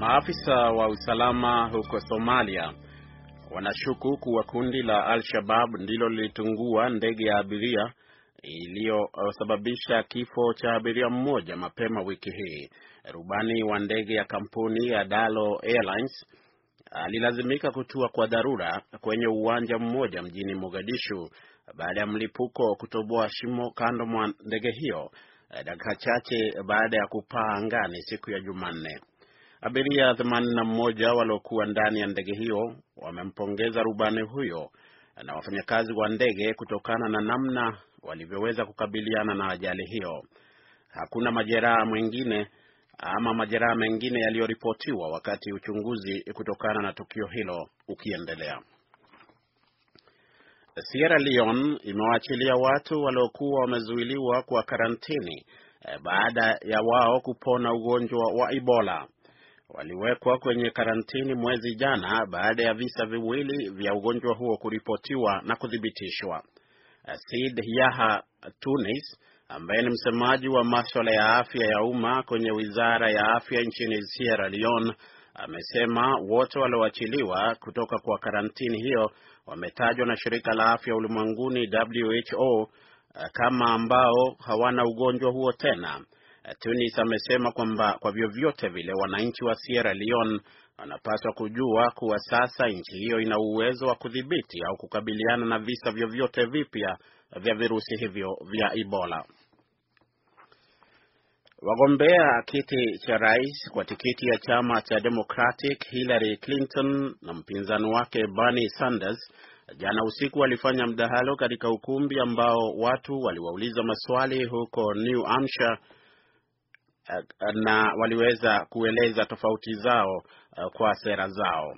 Maafisa wa usalama huko Somalia wanashuku kuwa kundi la Al-Shabab ndilo lilitungua ndege ya abiria iliyosababisha kifo cha abiria mmoja mapema wiki hii. Rubani wa ndege ya kampuni ya Dalo Airlines alilazimika kutua kwa dharura kwenye uwanja mmoja mjini Mogadishu baada ya mlipuko kutoboa shimo kando mwa ndege hiyo dakika chache baada ya kupaa angani siku ya Jumanne. Abiria 81 waliokuwa ndani ya ndege hiyo wamempongeza rubani huyo na wafanyakazi wa ndege kutokana na namna walivyoweza kukabiliana na ajali hiyo. Hakuna majeraha mwengine ama majeraha mengine yaliyoripotiwa wakati uchunguzi kutokana na tukio hilo ukiendelea. Sierra Leone imewaachilia watu waliokuwa wamezuiliwa kwa karantini eh, baada ya wao kupona ugonjwa wa Ebola waliwekwa kwenye karantini mwezi jana baada ya visa viwili vya ugonjwa huo kuripotiwa na kuthibitishwa. Said Yaha Tunis ambaye ni msemaji wa maswala ya afya ya umma kwenye wizara ya afya nchini Sierra Leone amesema wote walioachiliwa kutoka kwa karantini hiyo wametajwa na shirika la afya ulimwenguni WHO kama ambao hawana ugonjwa huo tena Tunis amesema kwamba kwa vyovyote vile wananchi wa Sierra Leone wanapaswa kujua kuwa sasa nchi hiyo ina uwezo wa kudhibiti au kukabiliana na visa vyovyote vipya vya virusi hivyo vya Ebola. Wagombea kiti cha rais kwa tikiti ya chama cha Democratic Hillary Clinton na mpinzani wake Bernie Sanders jana usiku walifanya mdahalo katika ukumbi ambao watu waliwauliza maswali huko New Hampshire Eh, na waliweza kueleza tofauti zao eh, kwa sera zao,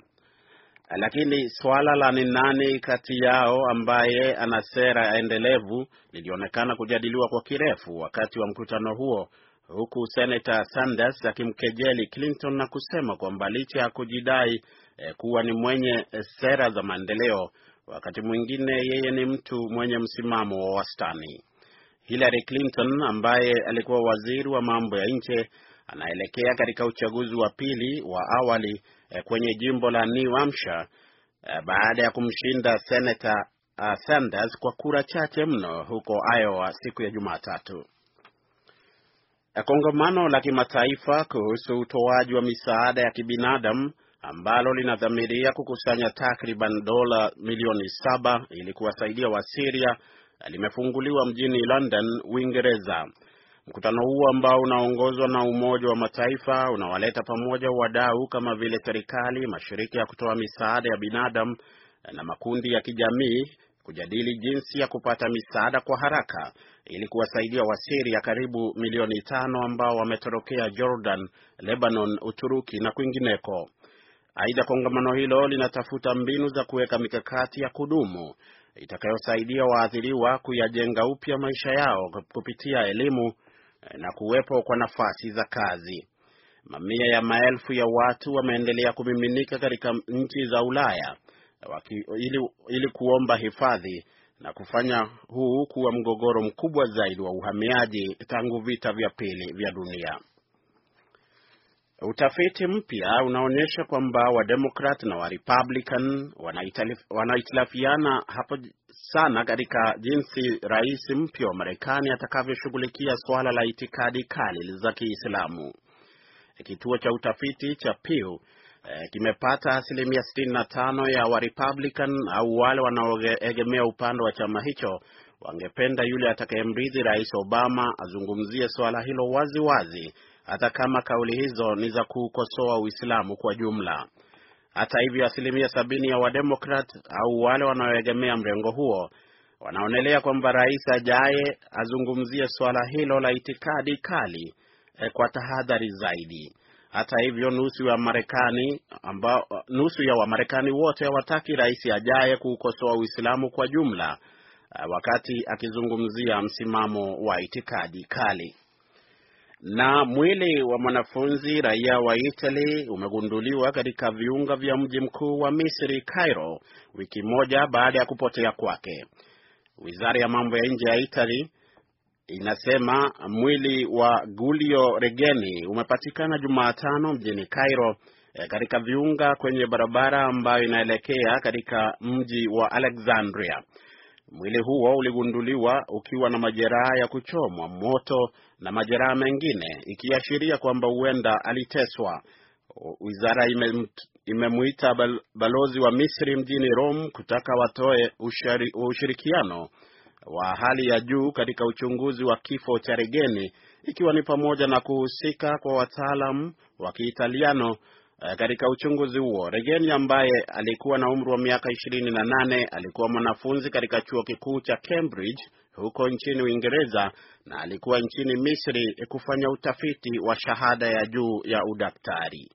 eh, lakini swala la ni nani kati yao ambaye ana sera endelevu lilionekana kujadiliwa kwa kirefu wakati wa mkutano huo, huku Senator Sanders akimkejeli Clinton na kusema kwamba licha ya kujidai eh, kuwa ni mwenye sera za maendeleo, wakati mwingine yeye ni mtu mwenye msimamo wa wastani. Hillary Clinton ambaye alikuwa waziri wa mambo ya nje anaelekea katika uchaguzi wa pili wa awali eh, kwenye jimbo la New Hampshire eh, baada ya kumshinda Senator ah, Sanders kwa kura chache mno huko Iowa siku ya Jumatatu. Eh, kongamano la kimataifa kuhusu utoaji wa misaada ya kibinadamu ambalo linadhamiria kukusanya takriban dola milioni saba ili kuwasaidia Wasiria limefunguliwa mjini London, Uingereza. Mkutano huo ambao unaongozwa na Umoja wa Mataifa unawaleta pamoja wadau kama vile serikali, mashirika ya kutoa misaada ya binadamu na makundi ya kijamii kujadili jinsi ya kupata misaada kwa haraka ili kuwasaidia Wasiria karibu milioni tano ambao wametorokea Jordan, Lebanon, Uturuki na kwingineko. Aidha, kongamano hilo linatafuta mbinu za kuweka mikakati ya kudumu itakayosaidia waathiriwa kuyajenga upya maisha yao kupitia elimu eh, na kuwepo kwa nafasi za kazi. Mamia ya maelfu ya watu wameendelea kumiminika katika nchi za Ulaya waki, ili, ili kuomba hifadhi na kufanya huu kuwa mgogoro mkubwa zaidi wa uhamiaji tangu vita vya pili vya dunia. Utafiti mpya unaonyesha kwamba Wademokrat na Warepublican wanahitilafiana hapo sana katika jinsi rais mpya wa Marekani atakavyoshughulikia suala la itikadi kali za Kiislamu. Kituo cha utafiti cha Pew eh, kimepata asilimia 65 ya Warepublican au wale wanaoegemea upande wa chama hicho wangependa yule atakayemrithi Rais Obama azungumzie suala hilo waziwazi wazi, hata kama kauli hizo ni za kuukosoa Uislamu kwa jumla. Hata hivyo, asilimia sabini ya Wademokrat au wale wanaoegemea mrengo huo wanaonelea kwamba rais ajaye azungumzie suala hilo la itikadi kali eh, kwa tahadhari zaidi. Hata hivyo, nusu ya Marekani ambao nusu ya Wamarekani wote hawataki rais ajaye kuukosoa Uislamu kwa jumla, eh, wakati akizungumzia msimamo wa itikadi kali. Na mwili wa mwanafunzi raia wa Italy umegunduliwa katika viunga vya mji mkuu wa Misri, Cairo, wiki moja baada ya kupotea kwake. Wizara ya mambo ya nje ya Italy inasema mwili wa Giulio Regeni umepatikana Jumatano mjini Cairo eh, katika viunga kwenye barabara ambayo inaelekea katika mji wa Alexandria. Mwili huo uligunduliwa ukiwa na majeraha ya kuchomwa moto na majeraha mengine, ikiashiria kwamba huenda aliteswa. Wizara bal, balozi wa Misri mjini Rome kutaka watoe ushari, ushirikiano wa hali ya juu katika uchunguzi wa kifo cha Regeni, ikiwa ni pamoja na kuhusika kwa wataalam wa Kiitaliano Eh, katika uchunguzi huo. Regeni ambaye alikuwa na umri wa miaka ishirini na nane alikuwa mwanafunzi katika chuo kikuu cha Cambridge huko nchini Uingereza na alikuwa nchini Misri kufanya utafiti wa shahada ya juu ya udaktari.